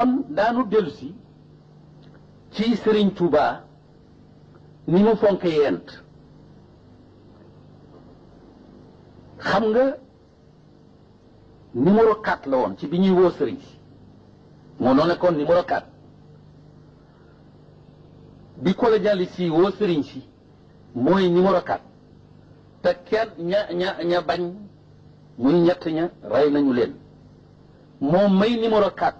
kon daanu dellusi ci Sëriñ Tuuba ni mu fonk yent xam nga numéro 4 la woon ci bi ñuy woo sëriñ si moo noo nekkoon numéro 4 bi colonialiste yi woo sëriñ si mooy numéro 4 te kenn ña ña ña bañ muy ñett ña rey nañu leen moom may numéro kat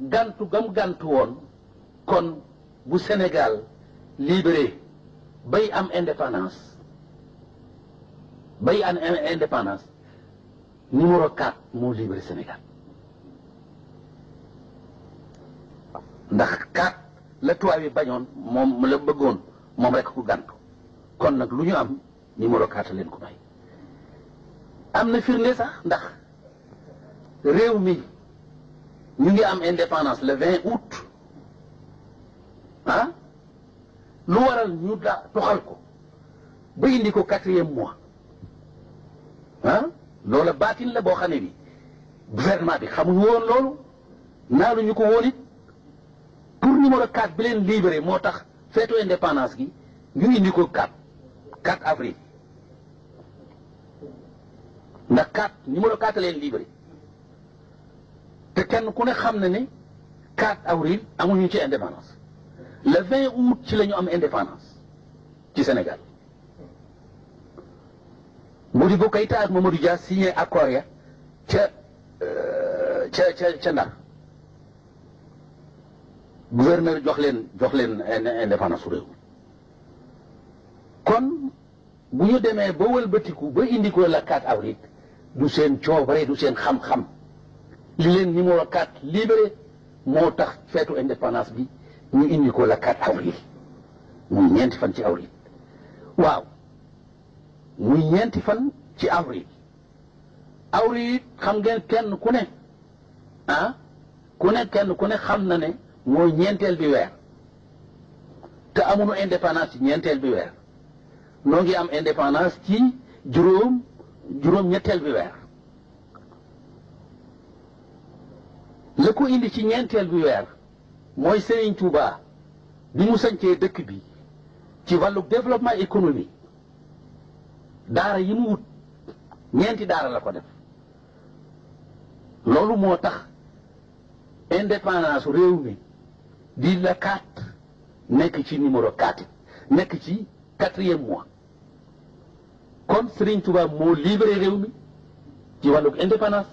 gantu gam gantu won kon bu Senegal libéré bay am indépendance bay an indépendance numéro 4 mo libéré senegal ndax 4 la tubaab bi bañon mom la bëggoon mom rek ku gantu kon nak luñu am numéro 4 leen ko bay amna firnde sax ndax rew mi ñu ngi am indépendance la 20 août ah lu waral ñu da toxal ko ba indi ko quatrième mois ah loola baatin la boo xam ne bi gouvernement bi xamuñu woon loolu naaluñu ko woon it pour numéro 4 bi leen libéré moo tax feetu indépendance gi ñu indi ko 4 4 avril ndax 4 numéro 4 leen libéré. te kenn ku ne xam na ni 4 avril amuñu ci indépendance le 20 août ci lañu am indépendance ci Sénégal di Modibo Keïta ak Mamadou Dia signé accord ya ca euh, ca ca ca Ndar gouverneur jox leen jox leen indépendance su réew kon bu ñu demee ba wëlbatiku ba indi ko la 4 avril du seen coobare du seen xam-xam. li leen numéro 4 libéré moo tax feetu indépendance bi ñu indi ko la 4 avril muy ñeenti fan ci avril waaw muy ñeenti fan ci avril avril xam ngeen kenn ku ne ah ku ne kenn ku ne xam na ne mooy ñeenteel bi weer te amuñu indépendance ci ñeenteel bi weer noo ngi am indépendance ci juróom juróom ñetteel bi weer la ko indi ci ñeenteel bi weer mooy Serigne Touba bi mu sancee dëkk bi ci wàllu développement économique daara yi mu wut ñeenti daara la ko def loolu moo tax indépendance réew mi di la quatre nekk ci numéro quatre nekk ci quatrième mois kon Serigne Touba moo libéré réew mi ci wàllu indépendance.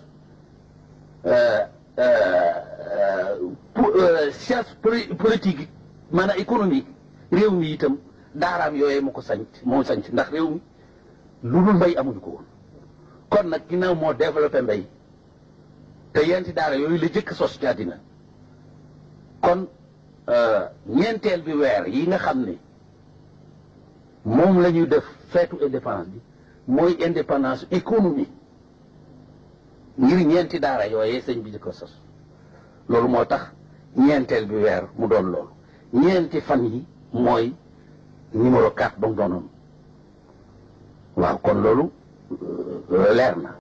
Euh, science euh, euh, euh, politique maanaam économique réew mi itam daaraam yooyee mu ko sanc moo sanc ndax réew mi lu dul mbay amuñu ko kon nag ginnaaw moo développé mbay te yenti daara yooyu la jëkk sos ci àddina kon ñeenteel bi weer yi nga xam ne moom lañuy def feetu indépendance bi mooy indépendance économique ngir ñeenti daara yooyee sëñ bi di ko sos loolu moo tax ñeenteel bi weer mu doon loolu ñeenti fan yi mooy numéro 4 ba mu doonoon waaw kon loolu euh, leer na